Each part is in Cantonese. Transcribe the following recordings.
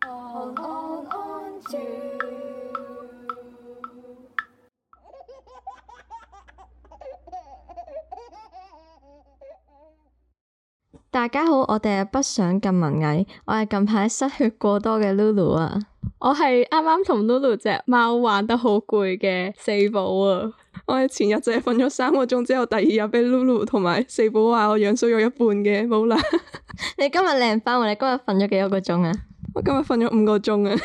大家好，我哋係不想咁文藝。我係近排失血過多嘅 Lulu 啊，我係啱啱同 Lulu 隻貓玩得好攰嘅四寶啊。 我係前日淨係瞓咗三個鐘之後，第二日畀 Lulu 同埋四寶話我養衰咗一半嘅。冇啦。 你今日靚翻，我哋今日瞓咗幾多個鐘啊？我今日瞓咗五個鐘啊！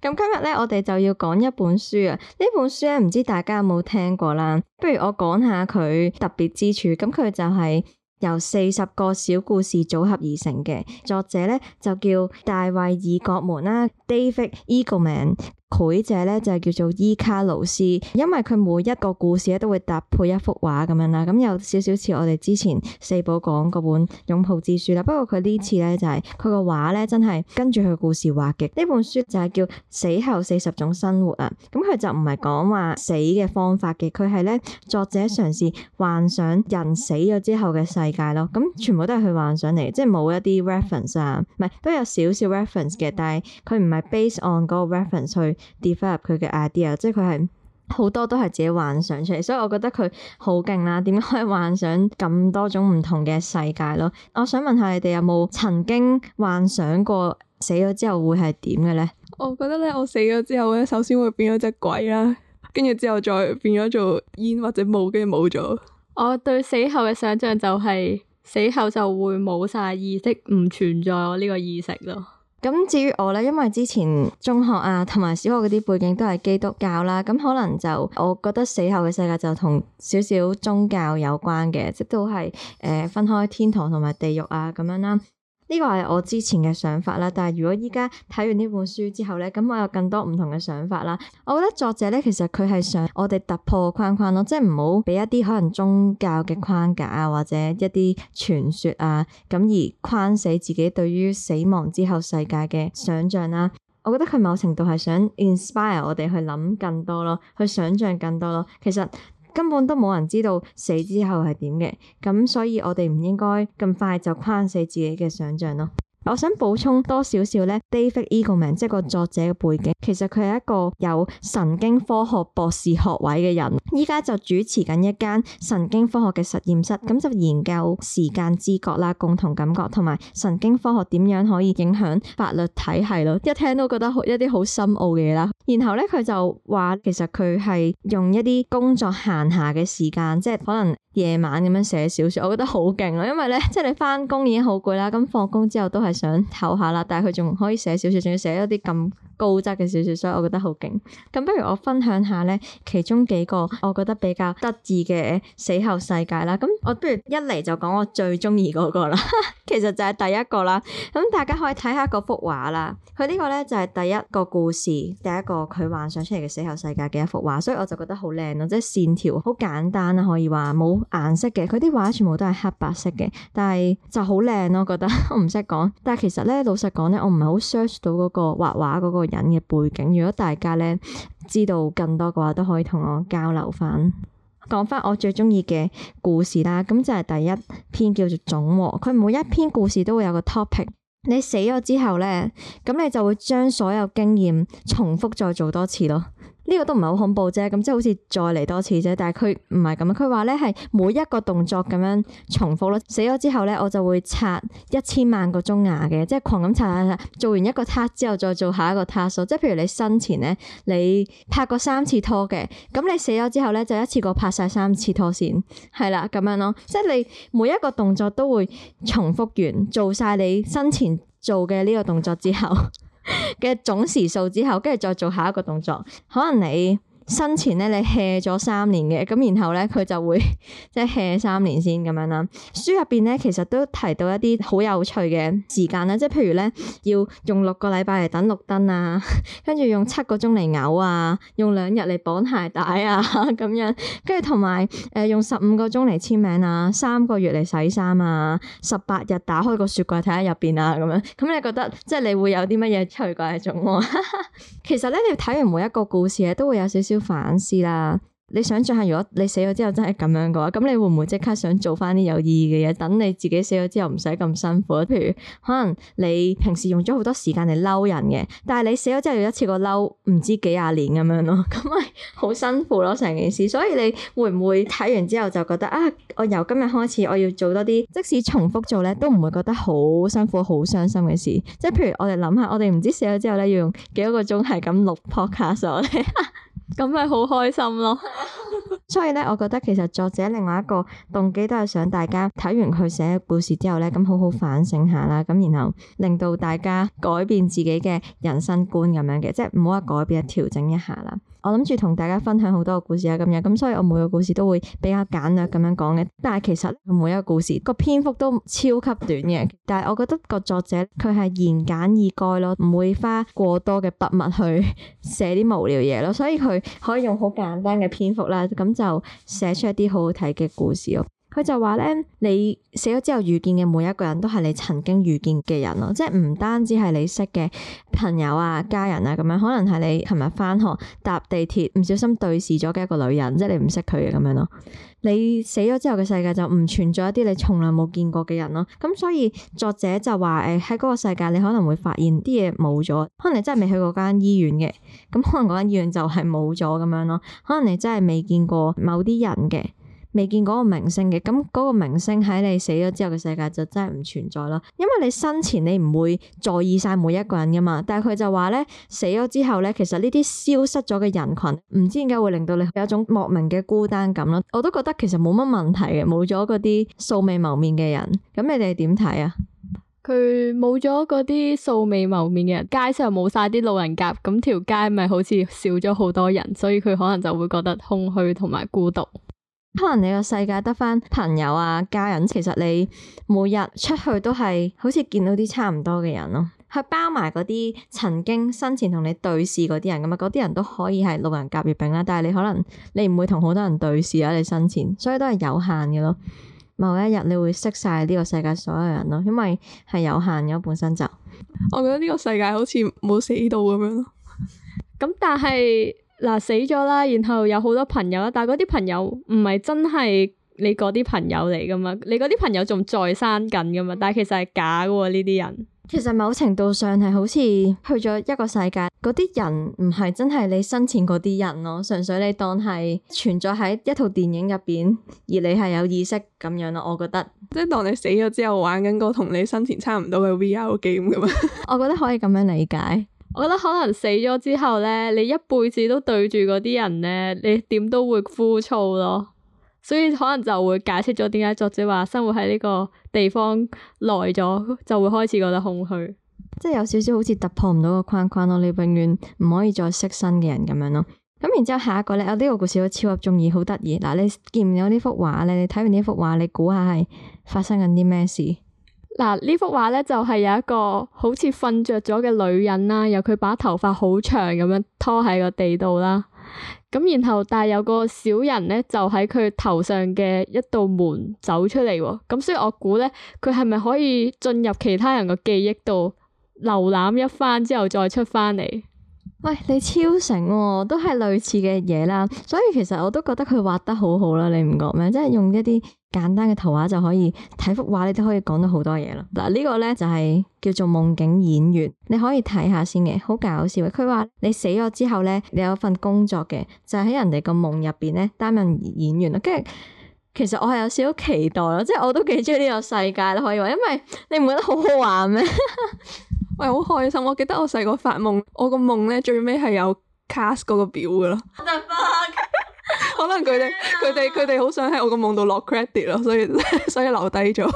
咁今日咧，我哋就要講一本書啊。呢本書咧，唔知大家有冇聽過啦？不如我講下佢特別之處。咁佢就係由四十個小故事組合而成嘅。作者咧就叫大衛伊葛門啦，David Eagleman。佢者咧就叫做伊卡魯斯，因為佢每一個故事咧都會搭配一幅畫咁樣啦，咁有少少似我哋之前四寶講嗰本《擁抱之書》啦。不過佢呢次咧就係佢個畫咧真係跟住佢故事畫嘅。呢本書就係叫《死後四十種生活》啊，咁佢就唔係講話死嘅方法嘅，佢係咧作者嘗試幻想人死咗之後嘅世界咯。咁全部都係佢幻想嚟，即係冇一啲 reference 啊，唔係都有少少 reference 嘅，但係佢唔係 base on 嗰個 reference 去 develop 佢嘅 idea，即係佢係好多都係自己幻想出嚟，所以我覺得佢好勁啦。點解可以幻想咁多種唔同嘅世界咯？我想問下你哋有冇曾經幻想過死咗之後會係點嘅咧？我覺得咧，我死咗之後咧，首先會變咗隻鬼啦，跟住之後再變咗做煙或者霧，跟住冇咗。我對死後嘅想象就係、是、死後就會冇晒意識，唔存在我呢個意識咯。咁至於我呢，因為之前中學啊，同埋小學嗰啲背景都係基督教啦、啊，咁可能就我覺得死後嘅世界就同少少宗教有關嘅，即都係誒、呃、分開天堂同埋地獄啊咁樣啦、啊。呢個係我之前嘅想法啦，但係如果依家睇完呢本書之後咧，咁我有更多唔同嘅想法啦。我覺得作者咧，其實佢係想我哋突破框框咯，即係唔好俾一啲可能宗教嘅框架啊，或者一啲傳說啊，咁而框死自己對於死亡之後世界嘅想像啦。我覺得佢某程度係想 inspire 我哋去諗更多咯，去想像更多咯。其實。根本都冇人知道死之後係點嘅，咁所以我哋唔應該咁快就框死自己嘅想像咯。我想補充多少少呢 David Eagleman 即係個作者嘅背景，其實佢係一個有神經科學博士學位嘅人，依家就主持緊一間神經科學嘅實驗室，咁就研究時間知覺啦、共同感覺同埋神經科學點樣可以影響法律體係咯。一聽都覺得一啲好深奧嘅嘢啦。然後呢，佢就話其實佢係用一啲工作閒暇嘅時間，即係可能夜晚咁樣寫小説，我覺得好勁咯，因為呢，即係你翻工已經好攰啦，咁放工之後都係。想唞下啦，但係佢仲可以寫少少，仲要寫一啲咁高質嘅小說，所以我覺得好勁。咁不如我分享下呢其中幾個我覺得比較得意嘅死後世界啦。咁我不如一嚟就講我最中意嗰個啦。 其實就係第一個啦。咁大家可以睇下嗰幅畫啦。佢呢個呢就係第一個故事，第一個佢幻想出嚟嘅死後世界嘅一幅畫，所以我就覺得好靚咯，即係線條好簡單啦，可以話冇顏色嘅，佢啲畫全部都係黑白色嘅，但係就好靚咯，我覺得我唔識講。但係其實呢，老實講呢，我唔係好 search 到嗰個畫畫嗰個。人嘅背景，如果大家咧知道更多嘅話，都可以同我交流翻。講翻我最中意嘅故事啦，咁就係第一篇叫做總和。佢每一篇故事都會有個 topic。你死咗之後咧，咁你就會將所有經驗重複再做多次咯。呢個都唔係好恐怖啫，咁即係好似再嚟多次啫。但係佢唔係咁，佢話咧係每一個動作咁樣重複咯。死咗之後咧，我就會刷一千萬個鐘牙嘅，即係狂咁刷刷刷。做完一個刷之後，再做下一個刷數。即係譬如你生前咧，你拍過三次拖嘅，咁你死咗之後咧，就一次過拍晒三次拖先，係啦咁樣咯。即係你每一個動作都會重複完，做晒你生前做嘅呢個動作之後嘅 總時數之後，跟住再做下一個動作，可能你。生前咧，你 hea 咗三年嘅，咁然後咧佢就會即係 hea 三年先咁樣啦。書入邊咧，其實都提到一啲好有趣嘅時間啦，即係譬如咧要用六個禮拜嚟等綠燈啊，跟住用七個鐘嚟嘔啊，用兩日嚟綁鞋帶啊咁樣，跟住同埋誒用十五個鐘嚟簽名啊，三個月嚟洗衫啊，十八日打開個雪櫃睇下入邊啊咁樣。咁你覺得即係你會有啲乜嘢趣怪仲，啊？ 其實咧，你睇完每一個故事咧，都會有少少。反思啦，你想象下，如果你死咗之後真係咁樣嘅話，咁你會唔會即刻想做翻啲有意義嘅嘢？等你自己死咗之後唔使咁辛苦，譬如可能你平時用咗好多時間嚟嬲人嘅，但係你死咗之後要一次過嬲唔知幾廿年咁樣咯，咁咪好辛苦咯成件事。所以你會唔會睇完之後就覺得啊，我由今日開始我要做多啲，即使重複做咧都唔會覺得好辛苦、好傷心嘅事。即係譬如我哋諗下，我哋唔知死咗之後咧要用幾多個鐘係咁錄 podcast，啊 咁咪好開心咯！ 所以咧，我覺得其實作者另外一個動機都係想大家睇完佢寫嘅故事之後咧，咁好好反省下啦，咁然後令到大家改變自己嘅人生觀咁樣嘅，即係唔好話改變，調整一下啦。我諗住同大家分享好多個故事啊，咁樣咁，所以我每個故事都會比較簡略咁樣講嘅。但係其實每一個故事個篇幅都超級短嘅，但係我覺得個作者佢係言簡意賅咯，唔會花過多嘅筆墨去寫 啲無聊嘢咯，所以佢可以用好簡單嘅篇幅啦，咁就寫出一啲好好睇嘅故事咯。佢就話咧，你死咗之後遇見嘅每一個人都係你曾經遇見嘅人咯，即係唔單止係你識嘅朋友啊、家人啊咁樣，可能係你琴日翻學搭地鐵唔小心對視咗嘅一個女人，即係你唔識佢嘅咁樣咯。你死咗之後嘅世界就唔存在一啲你從來冇見過嘅人咯。咁所以作者就話，誒喺嗰個世界你可能會發現啲嘢冇咗，可能你真係未去過間醫院嘅，咁可能嗰間醫院就係冇咗咁樣咯，可能你真係未見過某啲人嘅。未見過嗰個明星嘅，咁嗰個明星喺你死咗之後嘅世界就真係唔存在咯。因為你生前你唔會在意晒每一個人噶嘛，但係佢就話咧，死咗之後咧，其實呢啲消失咗嘅人群，唔知點解會令到你有一種莫名嘅孤單感咯。我都覺得其實冇乜問題嘅，冇咗嗰啲素未謀面嘅人，咁你哋點睇啊？佢冇咗嗰啲素未謀面嘅人，街上冇晒啲路人甲。咁條街咪好似少咗好多人，所以佢可能就會覺得空虛同埋孤獨。可能你個世界得返朋友啊、家人，其實你每日出去都係好似見到啲差唔多嘅人咯，係包埋嗰啲曾經生前同你對視嗰啲人咁啊，嗰啲人都可以係路人甲乙丙啦，但係你可能你唔會同好多人對視喺、啊、你生前，所以都係有限嘅咯。某一日你會識晒呢個世界所有人咯，因為係有限嘅我本身就。我覺得呢個世界好似冇死到咁樣咯，咁 但係。嗱，死咗啦，然後有好多朋友啦，但係嗰啲朋友唔係真係你嗰啲朋友嚟噶嘛，你嗰啲朋友仲在生緊噶嘛，但係其實係假噶喎，呢啲人。其實某程度上係好似去咗一個世界，嗰啲人唔係真係你生前嗰啲人咯，純粹你當係存在喺一套電影入邊，而你係有意識咁樣咯，我覺得。即係當你死咗之後玩緊個同你生前差唔多嘅 VR game 噶嘛。 我覺得可以咁樣理解。我覺得可能死咗之後咧，你一輩子都對住嗰啲人咧，你點都會枯燥咯。所以可能就會解釋咗點解作者話生活喺呢個地方耐咗就會開始覺得空虛，即係有少少好似突破唔到個框框咯。你永遠唔可以再識新嘅人咁樣咯。咁然之後下一個咧，我呢個故事都超級中意，好得意嗱。你見唔到呢幅畫咧？你睇完呢幅畫，你估下係發生緊啲咩事？嗱，呢幅畫咧就係有一個好似瞓着咗嘅女人啦，由佢把頭髮好長咁樣拖喺個地度啦，咁然後但係有個小人咧就喺佢頭上嘅一道門走出嚟喎，咁所以我估咧佢係咪可以進入其他人嘅記憶度瀏覽一番之後再出翻嚟？喂，你超醒喎，都係類似嘅嘢啦，所以其實我都覺得佢畫得好好啦，你唔覺咩？即係用一啲簡單嘅圖畫就可以睇幅畫，你都可以講到好多嘢啦。嗱，呢個咧就係叫做夢境演員，你可以睇下先嘅，好搞笑嘅。佢話你死咗之後咧，你有份工作嘅，就喺人哋個夢入邊咧擔任演員啦。跟住，其實我係有少少期待咯，即係我都幾中意呢個世界啦，可以話，因為你唔覺得好好玩咩？ 我好開心，我記得我細個發夢，我個夢咧最尾係有 cast 嗰個表噶咯。 可能佢哋佢哋佢哋好想喺我個夢度落 credit 咯，所以 所以留低咗。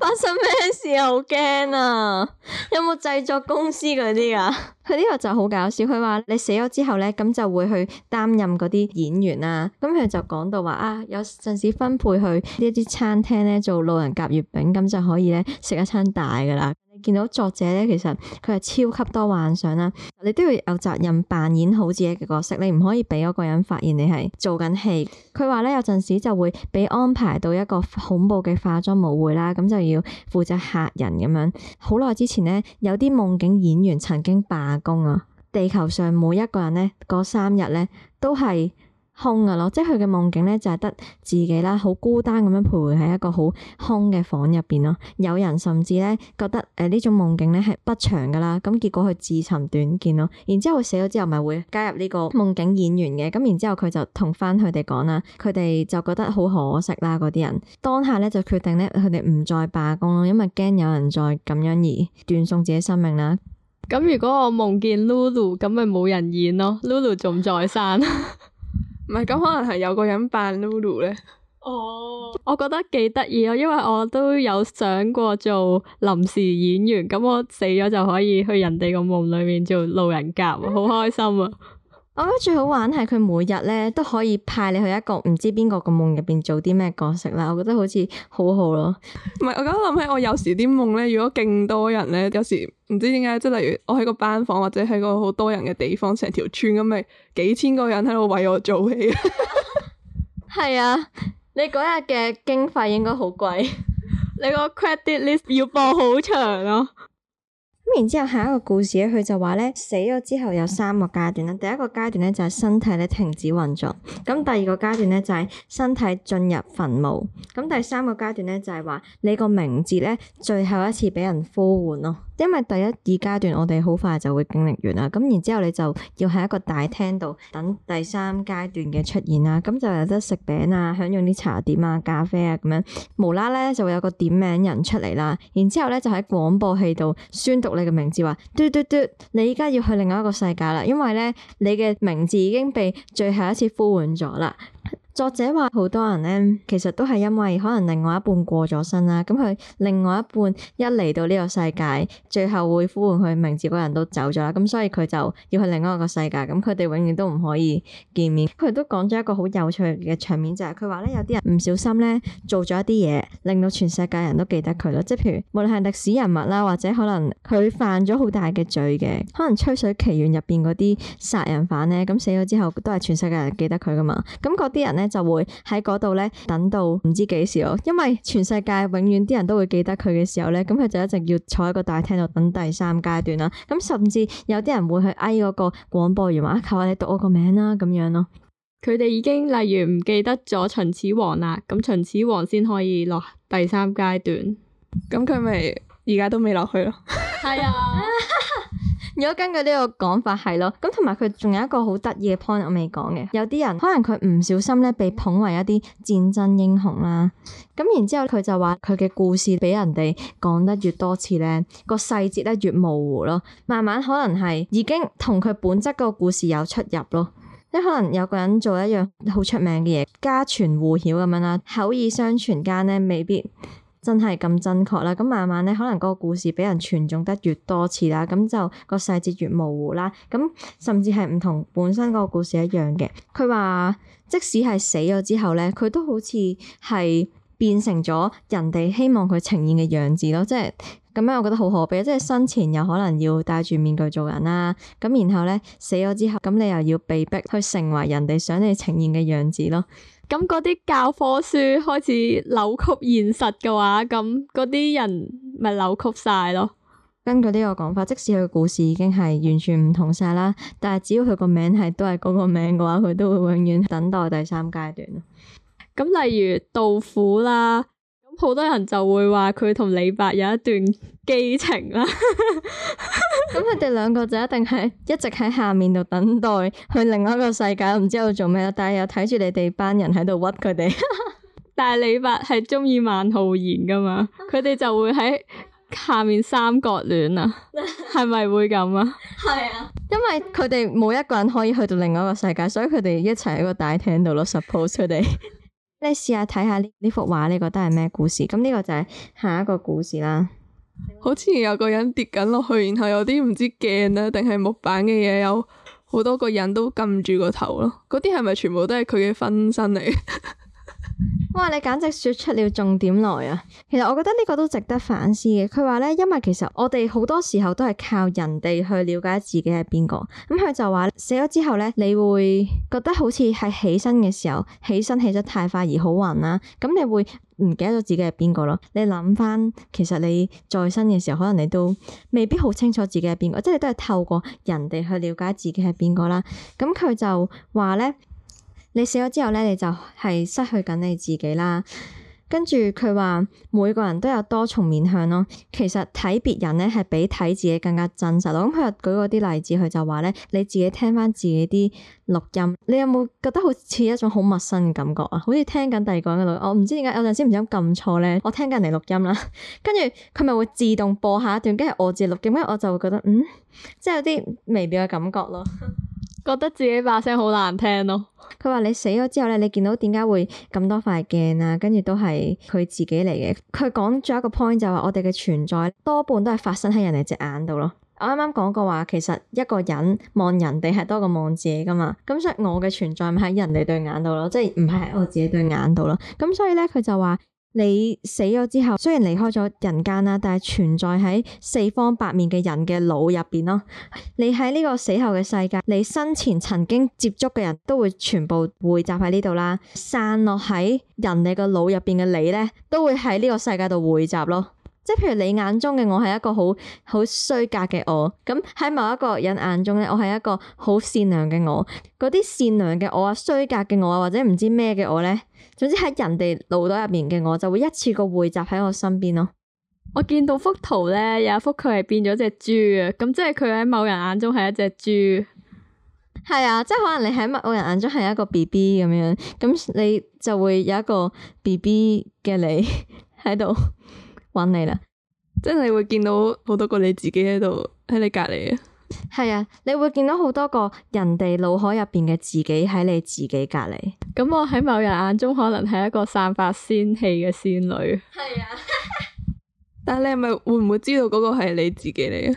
發生咩事啊？好驚啊！有冇製作公司嗰啲噶？佢 呢個就好搞笑，佢話你死咗之後咧，咁就會去擔任嗰啲演員啊。咁佢就講到話啊，有陣時分配去一啲餐廳咧做路人甲月餅，咁就可以咧食一餐大噶啦。見到作者咧，其實佢係超級多幻想啦。你都要有責任扮演好自己嘅角色，你唔可以俾嗰個人發現你係做緊戲。佢話咧，有陣時就會俾安排到一個恐怖嘅化妝舞會啦，咁就要負責嚇人咁樣。好耐之前咧，有啲夢境演員曾經罷工啊！地球上每一個人咧，嗰三日咧都係空嘅咯，即係佢嘅夢境咧，就係、是、得自己啦，好孤單咁樣徘徊喺一個好空嘅房入邊咯。有人甚至咧覺得誒、呃、呢種夢境咧係不長噶啦，咁結果佢自尋短見咯。然之後佢死咗之後，咪會加入呢個夢境演員嘅咁。然之後佢就同翻佢哋講啦，佢哋就覺得好可惜啦。嗰啲人當下咧就決定咧，佢哋唔再罷工咯，因為驚有人再咁樣而斷送自己生命啦。咁如果我夢見 Lulu，咁咪冇人演咯，Lulu 仲在生。 唔係，咁可能係有個人扮 Lulu 咧。哦，oh. 我覺得幾得意啊！因為我都有想過做臨時演員，咁我死咗就可以去人哋個夢裏面做路人甲，好開心啊！ 我覺得最好玩係佢每日咧都可以派你去一個唔知邊個嘅夢入邊做啲咩角色啦，我覺得好似好好咯。唔係，我而家諗起我有時啲夢咧，如果勁多人咧，有時唔知點解，即係例如我喺個班房或者喺個好多人嘅地方，成條村咁咪幾千個人喺度為我做戲。係 啊，你嗰日嘅經費應該好貴，你個 credit list 要播好長咯，啊。咁然之後下一個故事咧，佢就話咧，死咗之後有三個階段啦。第一個階段咧就係、是、身體咧停止運作，咁第二個階段咧就係、是、身體進入墳墓，咁第三個階段咧就係、是、話你個名字咧最後一次俾人呼喚咯。因為第一、二階段我哋好快就會經歷完啦，咁然之後你就要喺一個大廳度等第三階段嘅出現啦，咁就有得食餅啊，享用啲茶點啊、咖啡啊咁樣，無啦啦就會有個點名人出嚟啦，然之後咧就喺廣播器度宣讀你嘅名字，話嘟嘟嘟，嘟嘟嘟,你而家要去另外一個世界啦，因為咧你嘅名字已經被最後一次呼喚咗啦。作者話：好多人咧，其實都係因為可能另外一半過咗身啦。咁佢另外一半一嚟到呢個世界，最後會呼喚佢名字嗰人都走咗啦，咁所以佢就要去另外一個世界。咁佢哋永遠都唔可以見面。佢都講咗一個好有趣嘅場面，就係佢話咧，有啲人唔小心咧做咗一啲嘢，令到全世界人都記得佢咯。即係譬如，無論係歷史人物啦，或者可能佢犯咗好大嘅罪嘅，可能《吹水奇緣》入邊嗰啲殺人犯咧，咁死咗之後都係全世界人記得佢㗎嘛。咁嗰啲人咧。就會喺嗰度咧，等到唔知幾時咯。因為全世界永遠啲人都會記得佢嘅時候咧，咁佢就一直要坐喺個大廳度等第三階段啦。咁甚至有啲人會去嗌嗰個廣播員話，求下你讀我個名啦，咁樣咯。佢哋已經例如唔記得咗秦始皇啦，咁秦始皇先可以落第三階段，咁佢咪而家都未落去咯。係啊。如果根據呢個講法係咯，咁同埋佢仲有一個好得意嘅 point 我未講嘅，有啲人可能佢唔小心咧被捧為一啲戰爭英雄啦，咁然之後佢就話佢嘅故事俾人哋講得越多次呢，個細節咧越模糊咯，慢慢可能係已經同佢本質個故事有出入咯，即可能有個人做一樣好出名嘅嘢，家傳戶曉咁樣啦，口耳相傳間呢未必。真係咁真確啦！咁慢慢咧，可能個故事俾人傳頌得越多次啦，咁就個細節越模糊啦。咁甚至係唔同本身個故事一樣嘅。佢話即使係死咗之後咧，佢都好似係變成咗人哋希望佢呈現嘅樣子咯。即係咁樣，我覺得好可悲。即係生前又可能要戴住面具做人啦，咁然後咧，死咗之後，咁你又要被逼去成為人哋想你呈現嘅樣子咯。咁嗰啲教科書開始扭曲現實嘅話，咁嗰啲人咪扭曲晒咯。根據呢個講法，即使佢故事已經係完全唔同晒，啦，但係只要佢個名係都係嗰個名嘅話，佢都會永遠等待第三階段。咁例如杜甫啦，咁好多人就會話佢同李白有一段基情啦。 咁佢哋兩個就一定係一直喺下面度等待去另外一個世界，唔知道做咩，但係又睇住你哋班人喺度屈佢哋。 但係李白係中意孟浩然噶嘛？佢哋、啊、就會喺下面三角戀啊？係咪 會咁啊？係 啊，因為佢哋冇一個人可以去到另外一個世界，所以佢哋一齊喺個大廳度咯。 suppose 佢他哋， 你試下睇下呢呢幅畫，呢個都係咩故事？咁呢個就係下一個故事啦。好似有個人跌緊落去，然後有啲唔知鏡呀定係木板嘅嘢，有好多個人都撳住個頭咯。嗰啲係咪全部都係佢嘅分身嚟？ 哇！你簡直說出了重點來啊！其實我覺得呢個都值得反思嘅。佢話咧，因為其實我哋好多時候都係靠人哋去了解自己係邊個。咁、嗯、佢就話死咗之後咧，你會覺得好似係起身嘅時候，起身起得太快而好暈啦、啊。咁你會唔記得咗自己係邊個咯。你諗翻，其實你再生嘅時候，可能你都未必好清楚自己係邊個，即係你都係透過人哋去了解自己係邊個啦。咁、嗯、佢就話咧。你死咗之後咧，你就係失去緊你自己啦。跟住佢話每個人都有多重面向咯。其實睇別人咧係比睇自己更加真實咯。咁佢又舉過啲例子，佢就話咧，你自己聽翻自己啲錄音，你有冇覺得好似一種好陌生嘅感覺啊？好似聽緊第二個人嘅錄音。我唔知點解有陣時唔小心撳錯咧，我聽緊你錄音啦。跟住佢咪會自動播下一段，跟住我自己錄音，跟住我就會覺得嗯，即係有啲微妙嘅感覺咯。覺得自己把聲好難聽咯，哦。佢話你死咗之後咧，你見到點解會咁多塊鏡呀？跟住都係佢自己嚟嘅。佢講咗一個 point 就係話我哋嘅存在多半都係發生喺人哋隻眼度咯。我啱啱講過話，其實一個人望人哋係多過望自己噶嘛。咁所以我嘅存在咪喺人哋對眼度咯，即係唔係喺我自己對眼度咯。咁所以咧，佢就話。你死咗之後，雖然離開咗人間啦，但係存在喺四方八面嘅人嘅腦入邊咯。你喺呢個死後嘅世界，你生前曾經接觸嘅人都會全部匯集喺呢度啦。散落喺人哋嘅腦入邊嘅你咧，都會喺呢個世界度匯集咯。即係譬如你眼中嘅我係一個好好衰格嘅我，咁喺某一個人眼中咧，我係一個好善良嘅我。嗰啲善良嘅我啊，衰格嘅我啊，或者唔知咩嘅我咧，總之喺人哋腦袋入面嘅我，就會一次過匯集喺我身邊咯。我見到幅圖咧，有一幅佢係變咗隻豬啊,咁即係佢喺某人眼中係一隻豬。係啊，即係可能你喺某人眼中係一個 BB 咁樣，咁你就會有一個 BB 嘅你喺度。揾你啦，即係會見到好多個你自己喺度喺你隔籬啊。係啊，你會見到好多個人哋腦海入邊嘅自己喺你自己隔籬。咁我喺某人眼中可能係一個散發仙氣嘅仙女。係啊，但你係咪會唔會知道嗰個係你自己嚟啊？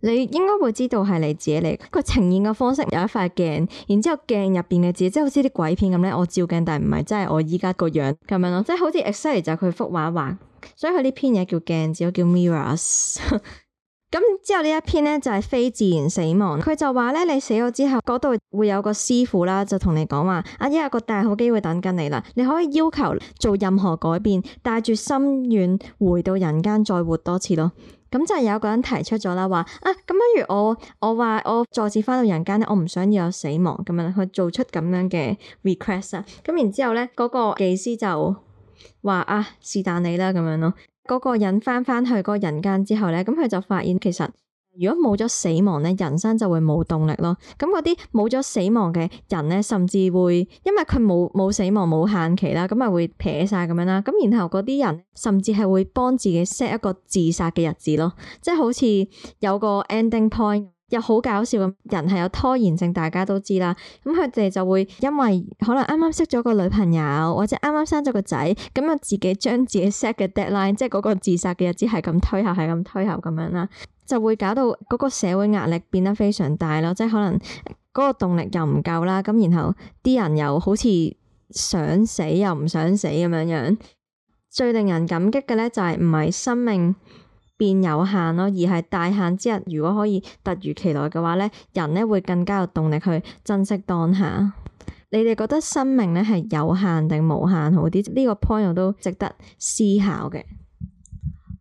你應該會知道係你自己嚟。個呈現嘅方式有一塊鏡，然之後鏡入邊嘅自己即係好似啲鬼片咁咧。我照鏡，但唔係真係我依家個樣咁樣咯，即係好似 exactly 就係佢幅畫畫。所以佢呢篇嘢叫鏡子，叫 mirrors。咁 之後呢一篇咧就係、是、非自然死亡。佢就話咧，你死咗之後，嗰度會有個師傅啦，就同你講話，啊，有一個大好機會等緊你啦，你可以要求做任何改變，帶住心願回到人間再活多次咯。咁就係有個人提出咗啦，話啊，咁不如我我話我再次翻到人間咧，我唔想要有死亡咁樣，佢做出咁樣嘅 request 啊。咁然之後咧，嗰、那個技師就。話啊，是但你啦咁樣咯，嗰、那個人翻翻去嗰人間之後咧，咁佢就發現其實如果冇咗死亡咧，人生就會冇動力咯。咁嗰啲冇咗死亡嘅人咧，甚至會因為佢冇冇死亡冇限期啦，咁咪會撇晒咁樣啦。咁然後嗰啲人甚至係會幫自己 set 一個自殺嘅日子咯，即係好似有個 ending point。又好搞笑人，人係有拖延症，大家都知啦。咁佢哋就會因為可能啱啱識咗個女朋友，或者啱啱生咗個仔，咁樣自己將自己 set 嘅 deadline，即係嗰個自殺嘅日子，係咁推後，係咁推後咁樣啦，就會搞到嗰個社會壓力變得非常大咯。即係可能嗰個動力又唔夠啦，咁然後啲人又好似想死又唔想死咁樣樣。最令人感激嘅咧，就係唔係生命。變有限咯，而係大限之日。如果可以突如其來嘅話咧，人咧會更加有動力去珍惜當下。你哋覺得生命咧係有限定無限好啲？呢個 point 我都值得思考嘅。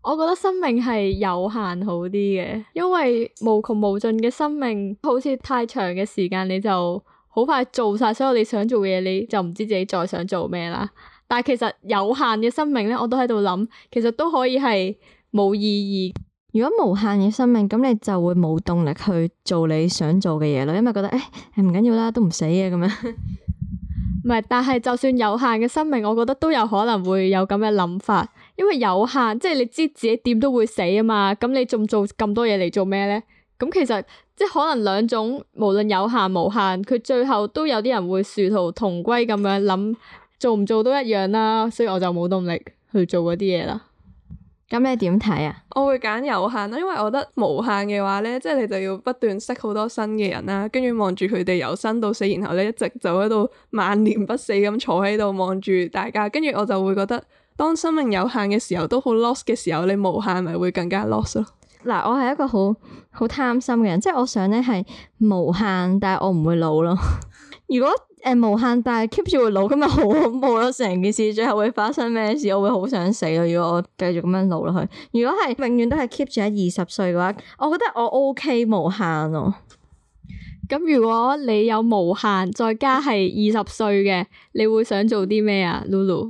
我覺得生命係有限好啲嘅，因為無窮無盡嘅生命好似太長嘅時間，你就好快做晒所有你想做嘅嘢，你就唔知自己再想做咩啦。但係其實有限嘅生命咧，我都喺度諗，其實都可以係。冇意義。如果無限嘅生命，咁你就會冇動力去做你想做嘅嘢咯，因為覺得誒唔緊要啦，都唔死嘅咁樣。唔 係，但係就算有限嘅生命，我覺得都有可能會有咁嘅諗法，因為有限，即係你知自己點都會死啊嘛。咁你仲做咁多嘢嚟做咩咧？咁其實即係可能兩種，無論有限無限，佢最後都有啲人會殊途同歸咁樣諗，做唔做都一樣啦。所以我就冇動力去做嗰啲嘢啦。咁你點睇啊？我會揀有限啦，因為我覺得無限嘅話咧，即係你就要不斷識好多新嘅人啦，跟住望住佢哋由生到死，然後咧一直就喺度萬年不死咁坐喺度望住大家，跟住我就會覺得當生命有限嘅時候都好 lost 嘅時候，你無限咪會更加 lost 咯。嗱，我係一個好好貪心嘅人，即係我想咧係無限，但係我唔會老咯。 如果誒、呃，無限但係 keep 住會老，咁咪好恐怖咯！成 件事最後會發生咩事？我會好想死咯！如果我繼續咁樣老落去，如果係永遠都係 keep 住喺二十歲嘅話，我覺得我 OK 無限咯。咁 如果你有無限，再加係二十歲嘅，你會想做啲咩啊，Lulu？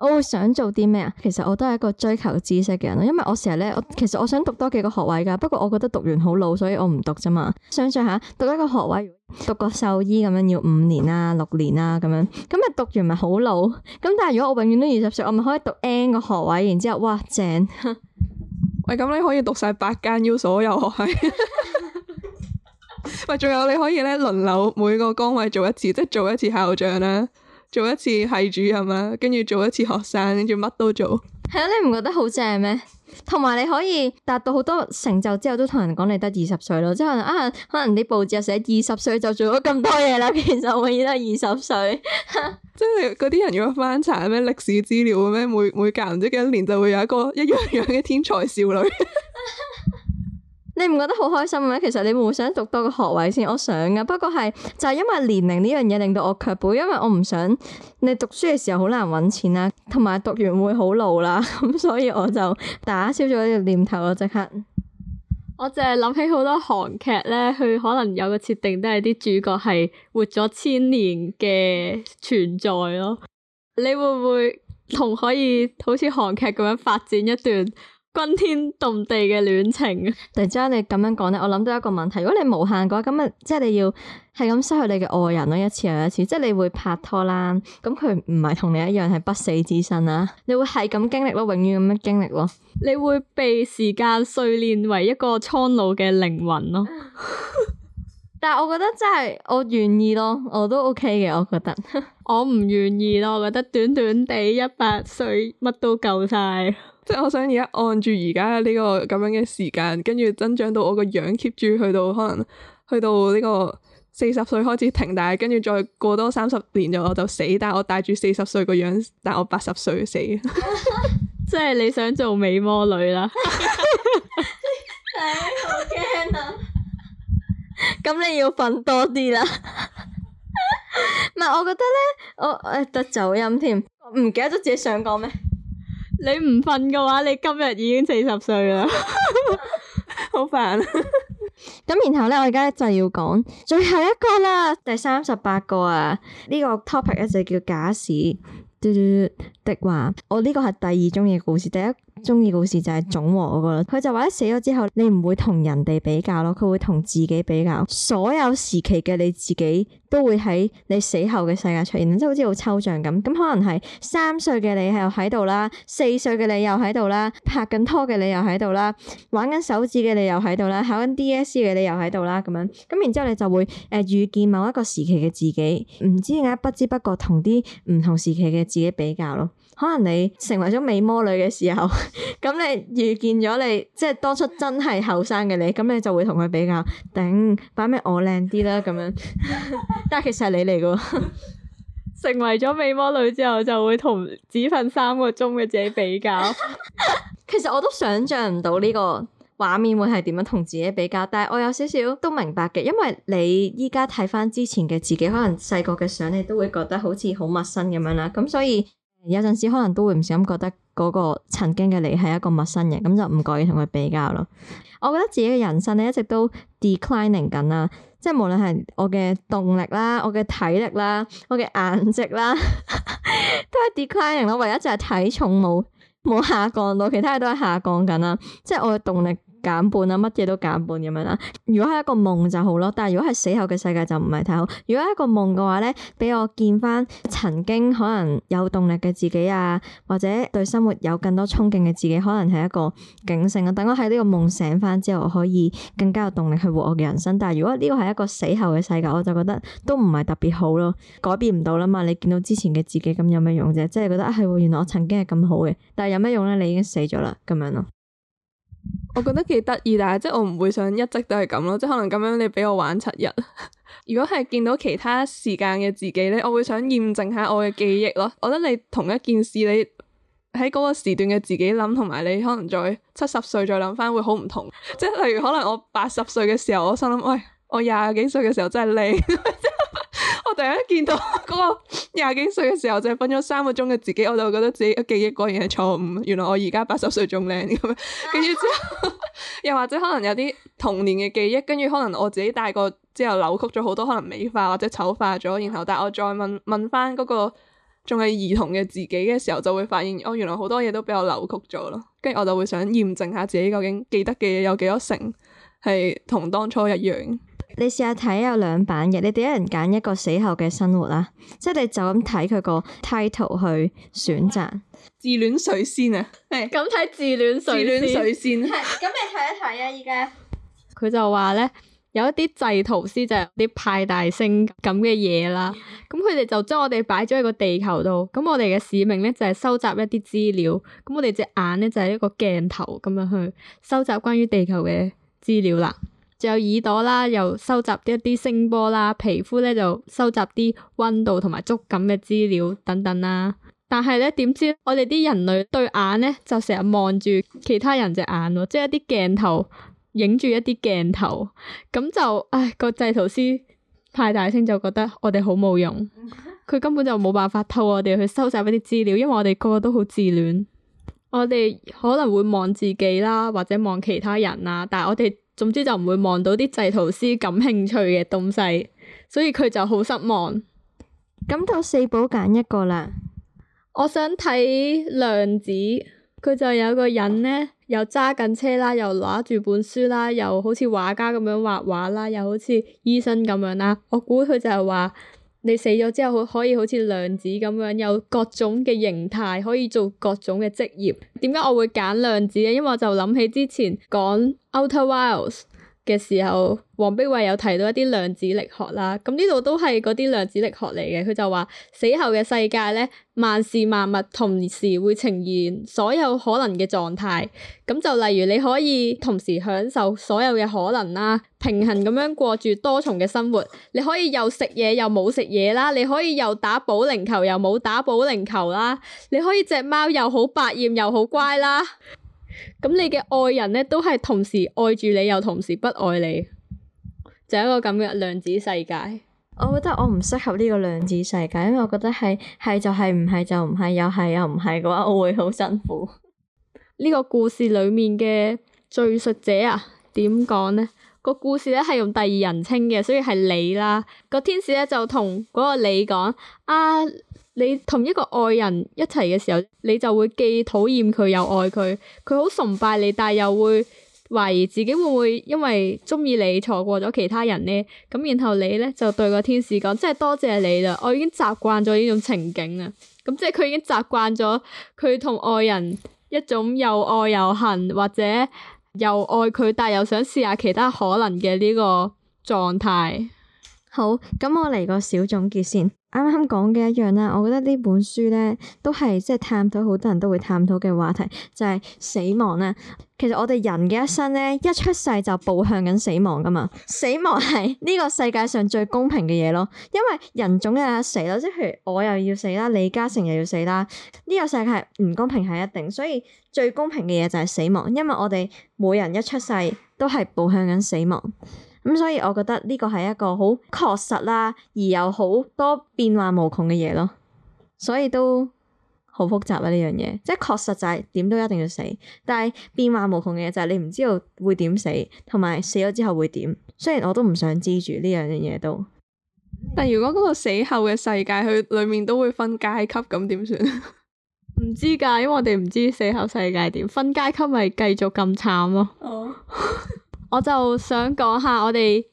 我會、oh, 想做啲咩啊？其實我都係一個追求知識嘅人咯，因為我成日咧，我其實我想讀多幾個學位噶，不過我覺得讀完好老，所以我唔讀啫嘛。想像下，讀一個學位，讀個獸醫咁樣要五年啊、六年啊咁樣，咁啊讀完咪好老。咁但係如果我永遠都二十歲，我咪可以讀 N 個學位，然之後哇正。 喂，咁你可以讀晒八間 U 所有學位。喂，仲有你可以咧輪流每個崗位做一次，即係做一次校長啦、啊。做一次系主任啦，跟住做一次學生，跟住乜都做。係啊，你唔覺得好正咩？同埋你可以達到好多成就之後，都同人講你得二十歲咯。即係啊，可能啲報紙寫二十歲就做咗咁多嘢啦，其實永遠都係二十歲。 即係嗰啲人如果翻查咩歷史資料嘅咩，每每隔唔知幾年就會有一個一樣樣嘅天才少女。 你唔覺得好開心咩？其實你會想讀多個學位先，我想㗎。不過係就係因為年齡呢樣嘢令到我卻步，因為我唔想你讀書嘅時候好難揾錢啦，同埋讀完會好老啦。咁所以我就打消咗呢個念頭咯。即刻，我淨係諗起好多韓劇咧，佢可能有個設定都係啲主角係活咗千年嘅存在咯。你會唔會同可以好似韓劇咁樣發展一段驚天動地嘅戀情，突然之間你咁樣講咧，我諗到一個問題：如果你無限嘅話，咁啊，即係你要係咁失去你嘅愛人咯，一次又一次，即係你會拍拖啦。咁佢唔係同你一樣係不死之身啊，你會係咁經歷咯，永遠咁樣經歷咯，你會被時間碎煉為一個蒼老嘅靈魂咯。 但係我覺得真係我願意咯，我都 OK 嘅。我覺得 我唔願意咯，我覺得短短地一百歲乜都夠晒。即係我想而家按住而家呢個咁樣嘅時間，跟住增長到我個樣 keep 住去到可能去到呢個四十歲開始停但係，跟住再過多三十年就我就死，但係我帶住四十歲個樣，但係我八十歲死， 即係你想做美魔女啦。 哎，好驚啊！咁 你要瞓多啲啦。唔 係，我覺得咧，我誒得走音添，我唔記得咗自己想講咩。你唔瞓嘅話，你今日已經四十歲啦，好煩。咁然後咧，我而家就要講最後一個啦，第三十八個啊，呢個 topic 就叫假使嘟嘟的話，我呢個係第二鍾意嘅故事，第一中意故事就係總和嗰個咯，佢就話一死咗之後，你唔會同人哋比較咯，佢會同自己比較。所有時期嘅你自己都會喺你死後嘅世界出現，即係好似好抽象咁。咁可能係三歲嘅你又喺度啦，四歲嘅你又喺度啦，拍緊拖嘅你又喺度啦，玩緊手指嘅你又喺度啦，考緊 DSE 嘅你又喺度啦，咁樣。咁然之後你就會誒、呃、遇見某一個時期嘅自己，唔知點解不知不覺同啲唔同時期嘅自己比較咯。可能你成為咗美魔女嘅時候，咁 你遇見咗你即係當初真係後生嘅你，咁你就會同佢比較，頂，擺咩我靚啲啦咁樣。 但係其實你嚟噶，成為咗美魔女之後，就會同只瞓三個鐘嘅自己比較。 其實我都想象唔到呢個畫面會係點樣同自己比較，但係我有少少都明白嘅，因為你而家睇翻之前嘅自己，可能細個嘅相你都會覺得好似好陌生咁樣啦，咁所以。有陣時可能都會唔小心覺得嗰個曾經嘅你係一個陌生人，咁就唔覺意同佢比較咯。我覺得自己嘅人生咧一直都 declining 緊啦，即係無論係我嘅動力啦、我嘅體力啦、我嘅顏值啦， 都係 declining。我唯一就係體重冇冇下降到，其他嘢都係下降緊啦，即係我嘅動力。減半啊，乜嘢都減半咁樣啦。如果係一個夢就好咯，但係如果係死後嘅世界就唔係太好。如果係一個夢嘅話咧，俾我見翻曾經可能有動力嘅自己啊，或者對生活有更多憧憬嘅自己，可能係一個警醒啊。等我喺呢個夢醒翻之後，我可以更加有動力去活我嘅人生。但係如果呢個係一個死後嘅世界，我就覺得都唔係特別好咯。改變唔到啦嘛，你見到之前嘅自己咁有咩用啫？即係覺得啊，係原來我曾經係咁好嘅，但係有咩用咧？你已經死咗啦，咁樣咯。我覺得幾得意，但係即係我唔會想一直都係咁咯，即係可能咁樣你俾我玩七日。如果係見到其他時間嘅自己咧，我會想驗證下我嘅記憶咯。我覺得你同一件事你喺嗰個時段嘅自己諗，同埋你可能再七十歲再諗翻會好唔同。即係例如可能我八十歲嘅時候，我心諗喂，我廿幾歲嘅時候真係靚。 我第一見到嗰個廿幾歲嘅時候，淨係瞓咗三個鐘嘅自己，我就覺得自己記憶果然係錯誤。原來我而家八十歲仲靚咁樣。跟住之後， 又或者可能有啲童年嘅記憶，跟住可能我自己大個之後扭曲咗好多，可能美化或者醜化咗。然後，但係我再問問翻嗰個仲係兒童嘅自己嘅時候，就會發現我、哦、原來好多嘢都俾我扭曲咗咯。跟住我就會想驗證下自己究竟記得嘅嘢有幾多成係同當初一樣。你試下睇下有兩版嘅，你哋一人揀一個死後嘅生活啦，即係你就咁睇佢個 title 去選擇自戀水仙啊，咁睇自戀水仙，係咁你睇一睇啊，依家佢就話咧有一啲製圖師就係啲派大星咁嘅嘢啦，咁佢哋就將我哋擺咗喺個地球度，咁我哋嘅使命咧就係收集一啲資料，咁我哋隻眼咧就係一個鏡頭咁樣去收集關於地球嘅資料啦。仲有耳朵啦，又收集一啲聲波啦；皮膚咧就收集啲溫度同埋觸感嘅資料等等啦。但係咧，點知我哋啲人類對眼咧就成日望住其他人隻眼喎，即係一啲鏡頭影住一啲鏡頭咁就唉。國際圖師派大星，就覺得我哋好冇用，佢根本就冇辦法透過我哋去收集一啲資料，因為我哋個個都好自戀，我哋可能會望自己啦，或者望其他人啦，但係我哋。總之就唔會望到啲製圖師感興趣嘅東西，所以佢就好失望。咁到四寶揀一個啦，我想睇量子，佢就有個人咧，又揸緊車啦，又攞住本書啦，又好似畫家咁樣畫畫啦，又好似醫生咁樣啦。我估佢就係話。你死咗之後，可以好似量子咁樣，有各種嘅形態，可以做各種嘅職業。點解我會揀量子呢？因為我就諗起之前講 Outer Wilds。嘅時候，黃碧慧有提到一啲量子力學啦，咁呢度都係嗰啲量子力學嚟嘅。佢就話死後嘅世界咧，萬事萬物同時會呈現所有可能嘅狀態。咁就例如你可以同時享受所有嘅可能啦，平衡咁樣過住多重嘅生活。你可以又食嘢又冇食嘢啦，你可以又打保齡球又冇打保齡球啦，你可以隻貓又好百厭又好乖啦。咁你嘅愛人咧，都係同時愛住你，又同時不愛你，就係一個咁嘅量子世界。我覺得我唔適合呢個量子世界，因為我覺得係係就係、是，唔係就唔係，又係又唔係嘅話，我會好辛苦。呢 個故事裏面嘅敘述者啊，點講呢？個故事咧係用第二人稱嘅，所以係你啦。個天使咧就同嗰個你講啊。你同一個愛人一齊嘅時候，你就會既討厭佢又愛佢，佢好崇拜你，但係又會懷疑自己會唔會因為鍾意你錯過咗其他人呢？咁然後你咧就對個天使講，真係多謝你啦，我已經習慣咗呢種情景喇。咁即係佢已經習慣咗佢同愛人一種又愛又恨，或者又愛佢但係又想試下其他可能嘅呢個狀態。好，咁我嚟個小總結先。啱啱講嘅一樣啦，我覺得呢本書咧都係即係探討好多人都會探討嘅話題，就係死亡啦。其實我哋人嘅一生咧，一出世就步向緊死亡噶嘛。死亡係呢個世界上最公平嘅嘢咯，因為人總有一死咯，即係譬如我又要死啦，李嘉誠又要死啦，呢個世界係唔公平係一定，所以最公平嘅嘢就係死亡，因為我哋每人一出世都係步向緊死亡。咁、嗯、所以我覺得呢個係一個好確實啦，而有好多變化無窮嘅嘢咯，所以都好複雜啊呢樣嘢。即係確實就係點都一定要死，但係變化無窮嘅嘢就係你唔知道會點死，同埋死咗之後會點。雖然我都唔想知住呢樣嘢都。但如果嗰個死後嘅世界佢裡面都會分階級，咁點算？唔 知噶，因為我哋唔知死後世界點分階級繼、啊，咪繼續咁慘咯。 我就想講下我哋，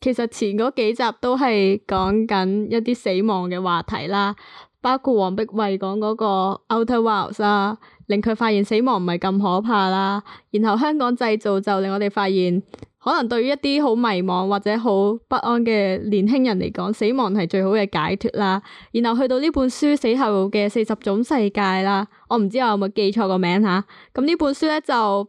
其實前嗰幾集都係講緊一啲死亡嘅話題啦，包括黃碧衛講嗰個 Outer Wilds 啦，啊，令佢發現死亡唔係咁可怕啦。然後香港製造就令我哋發現，可能對於一啲好迷茫或者好不安嘅年輕人嚟講，死亡係最好嘅解脱啦。然後去到呢本書《死後嘅四十種世界》啦，我唔知我有冇記錯個名吓。咁呢本書咧就。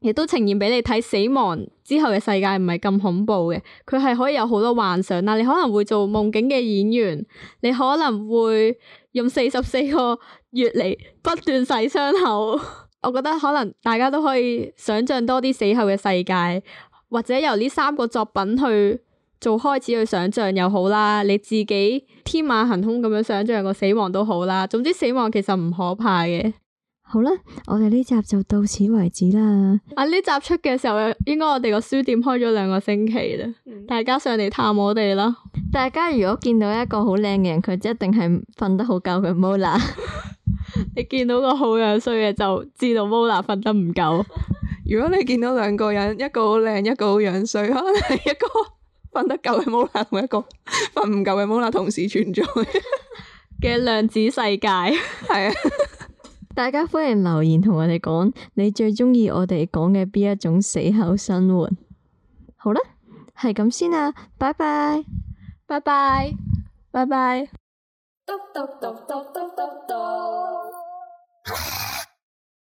亦都呈現畀你睇死亡之後嘅世界，唔係咁恐怖嘅。佢係可以有好多幻想啦。你可能會做夢境嘅演員，你可能會用四十四個月嚟不斷洗傷口。 我覺得可能大家都可以想象多啲死後嘅世界，或者由呢三個作品去做開始去想象又好啦。你自己天馬行空咁樣想象個死亡都好啦。總之，死亡其實唔可怕嘅。好啦，我哋呢集就到此為止啦。啊，呢集出嘅時候，應該我哋個書店開咗兩個星期啦。嗯、大家上嚟探我哋啦。大家如果見到一個好靚嘅人，佢一定係瞓得好夠嘅 Mola。 你見到個好樣衰嘅，就知道 Mola 瞓得唔夠。 如果你見到兩個人，一個好靚，一個好樣衰，可能係一個瞓得夠嘅 Mola 同一個瞓唔夠嘅 Mola 同時存在嘅 量子世界。係啊。大家歡迎留言同我哋講，你最鍾意我哋講嘅邊一種死後生活？好啦，係咁先啦，拜拜，拜拜，拜拜。